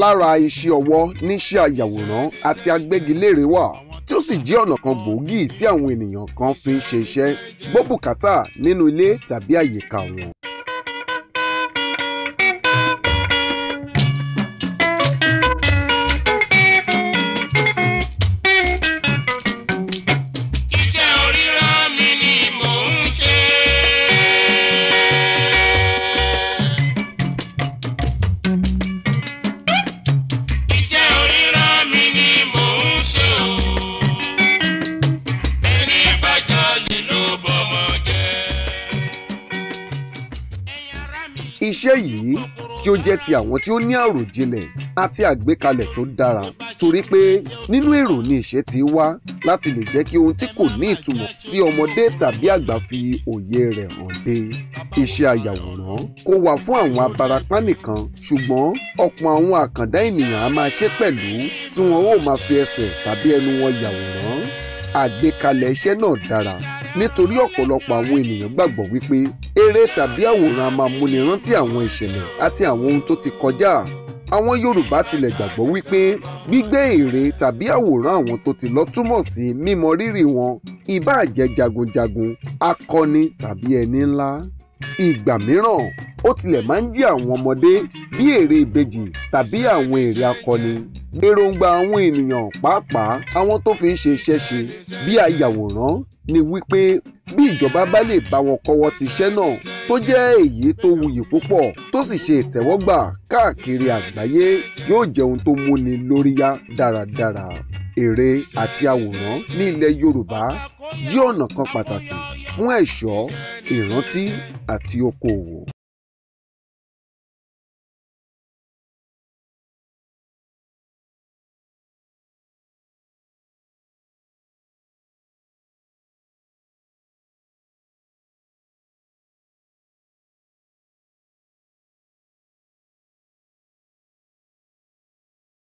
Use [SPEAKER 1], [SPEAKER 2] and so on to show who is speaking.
[SPEAKER 1] lára iṣẹ́ ọwọ́ níṣẹ́ àyàwòrán àti agbẹ́gilére wà tí ó sì jẹ́ ọ̀nà kan gbòógì tí àwọn ènìyàn kan fi ń ṣe iṣẹ́ gbọ́ nínú ilé tàbí àyíká wọn. Iṣẹ́ yìí tí ó jẹ́ ti àwọn tí ó ní àròjinlẹ̀ àti àgbékalẹ̀ tó dára torí pé nínú èrò ni ìṣe ti wá láti lè jẹ́ kí ohun tí kò ní ìtumọ̀ sí ọmọdé tàbí àgbà fi òye rẹ̀ hàn dé. Iṣẹ́ ayàwòrán kò wà fún àwọn abarapá nìkan ṣùgbọ́n ọ̀pọ̀ àwọn àkàndá ènìyàn á máa ṣe pẹ̀lú tí wọn ó máa fi ẹsẹ̀ tàbí ẹnu wọn yàwòrán àgbékalẹ̀ iṣẹ́ náà dára nítorí ọ̀pọ̀lọpọ̀ àwọn ènìyàn gbàgbọ́ wípé eré tàbí àwòrán a máa múni rántí àwọn ìṣẹ̀lẹ̀ àti àwọn ohun tó ti kọjá àwọn Yorùbá tilẹ̀ gbàgbọ́ wípé gbígbé ère tàbí àwòrán àwọn tó ti lọ túmọ̀ sí mímọ rírì wọn ìbáà jẹ́ jagunjagun akọni tàbí ẹni ńlá ìgbà mìíràn ó tilẹ̀ máa ń jí àwọn ọmọdé bí ère ìbejì tàbí àwọn ère akọni èròǹgbà àwọn ènìyàn pàápàá àwọn tó fi ń ṣe iṣẹ́ ṣe bí ayàwòrán ni wípé bí ìjọba bá lè bá wọn kọ́wọ́ ti iṣẹ́ náà tó jẹ́ èyí tó wuyì púpọ̀ tó sì ṣe ìtẹ́wọ́gbà káàkiri àgbáyé yóò jẹ́ ohun tó múni lóríyá dáradára ère àti àwòrán ní ilẹ̀ Yorùbá jẹ́ ọ̀nà kan pàtàkì fún ẹ̀ṣọ́ ìrántí
[SPEAKER 2] àti okòwò.